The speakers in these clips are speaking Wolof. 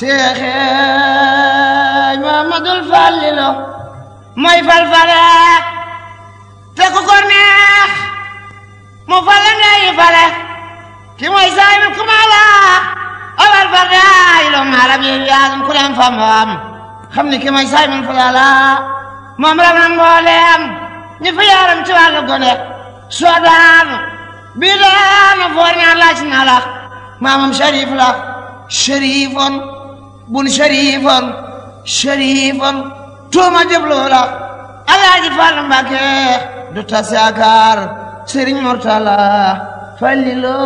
شيخي محمد الفللو موي فالفلا تكو كورنيخ مو فلا ناي فلا كي موي سايب الكمالا أول فرداي لهم عربي لازم كلهم فمهم خمني كي موي سايب الفلالا ممرا من بولم نفيارم توالو كوني سودان بيدان فورنا لاشنا لك مامم شريف لا شريفون bun sharifan sharifan tuuma jëb loola alaaji Fall Mbàkke du tas yaakaar sëriñ Murtala fallilo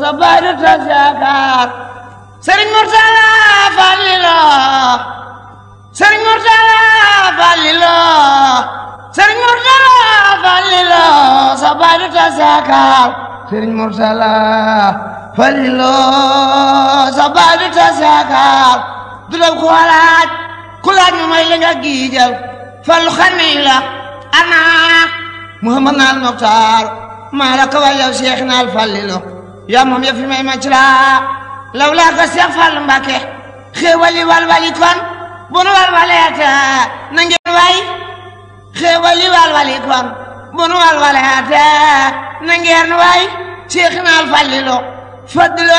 sa baay du tas yaakaar sëriñ Murtala fallilo sëriñ Murtala fallilo sëriñ Murtala fallilo du tas yaakaar sëriñ Murtala fallilo ساقال دلو خوالات كل نمي لغا جيجل فالخميلة أنا محمد نال مختار مالك ويا شيخنا الفللو يا مم يفي مي مجرا لولا قسيا باكي خي ولي والوالي كون بون اتا ننجل واي خي ولي والوالي كون بون اتا ننجل واي شيخنا الفللو فضل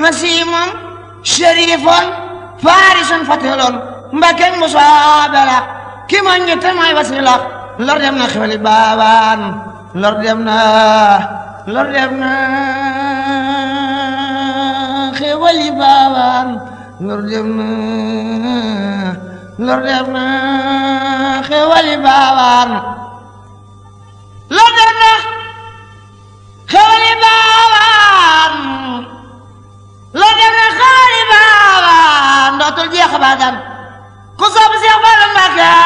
حسيم شريف فارس فتل مبكن مصابلة كما نجت ما يوصلك لرد يمنا خبالي بابان لرد يمنا لرد يمنا خبالي بابان لرد يمنا لرد يمنا خبالي بابان Cheikh Badam ku sopp Cheikh Fall Mbacke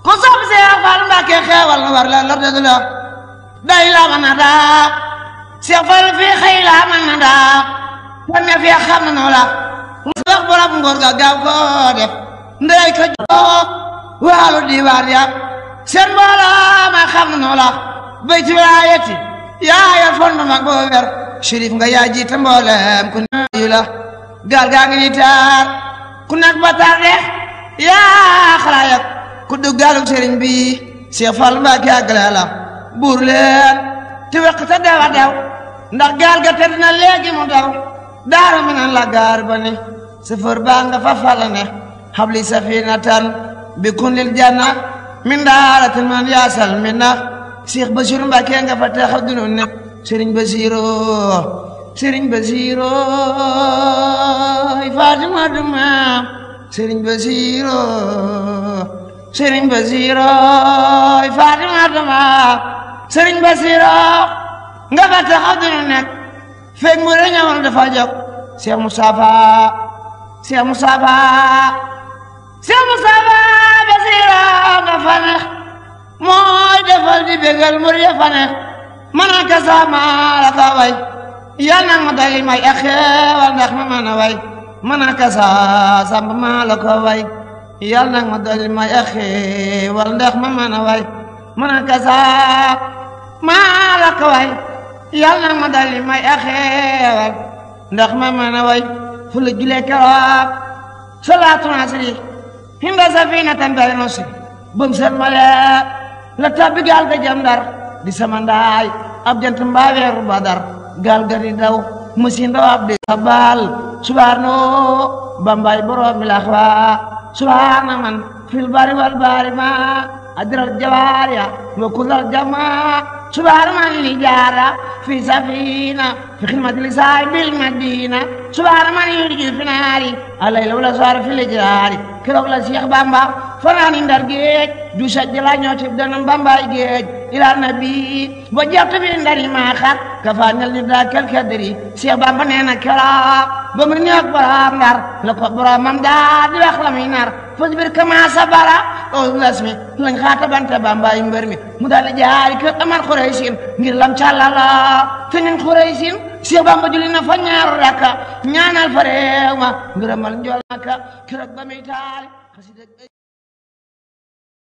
ku sopp Cheikh Fall Mbacke xewal na war la lor de la day la mën a daa Cheikh Fall fii xëy la mën a daa kon fi xam na noo la sax borom ngor ga gaaw ko def ndey ko joo waalu diwaan ya seen mbooloo ma xam na noo la bay ci wilaayati yaa yor fond mag boo wer shérif nga yaa jiite mboolem ku ne yu la gaal gaa ngi ni taar ku nak ya rek ya xalaayat ku duggaalug bi Cheikh Fall Mbacké àggale la buur leen ti weq ta dew a dew ndax ga na legi mo daw dara mi la fa falane habli safinatan bi kunil janna min daaratin man yaasal min sih Cheikh Bachir Mbacké nga fa taxaw dunu ne sëriñ Basiru sering Basiru Fatima Sering basiro Sering basiro Fatima Adama Sering basiro Nga bata khadrunak Fek murenya wal dafajak Syekh Mustafa Syekh Mustafa Syekh Mustafa basiro Nga fanakh mooy defal di bégal mur ya fa ne man ak sama la ka akhir, yal na ma dali ma way man aka saa samp maa yal nag ma dolli may a xéewal ndax ma mën a way man aka saa maa yal nag ma dolli may a xéewal ndax ma mën way fu la julee salaatu nasri himbe safinatan bel nasri bum seen male la tabbi gaal ga jëm di sama ndaay ab jant mbaa weeru badar gaal ga di daw machine ab di sabal subhaano bambay borom mi laxwa subhaana man fil bari wal baari ma adral jawaariya wa kullal jamaa subhaana man li jaara fi safina fi xidmati li saahibil madina subhaana man yurji fi naari alayla wala saar fi lijraari keroog la Seex Bamba fanaani Ndar géej du sa jëla ñoo ci danam Bambay géej ila nabi ndari maa xat ka faanal ñu daa kel kadri Seex Bamba nee na ba mu néeg baraab ndar la ko boromam daa di wax la muy nar fasbir kama sabara awul lasmi lañ xaata bante bambayi mbër mi mu daal di jaari kër aman xuraysin ngir lam càllala te ñun xuraysin Bamba julli na fa ñaar rakka ma ngërëmal njool maka keroog ba muy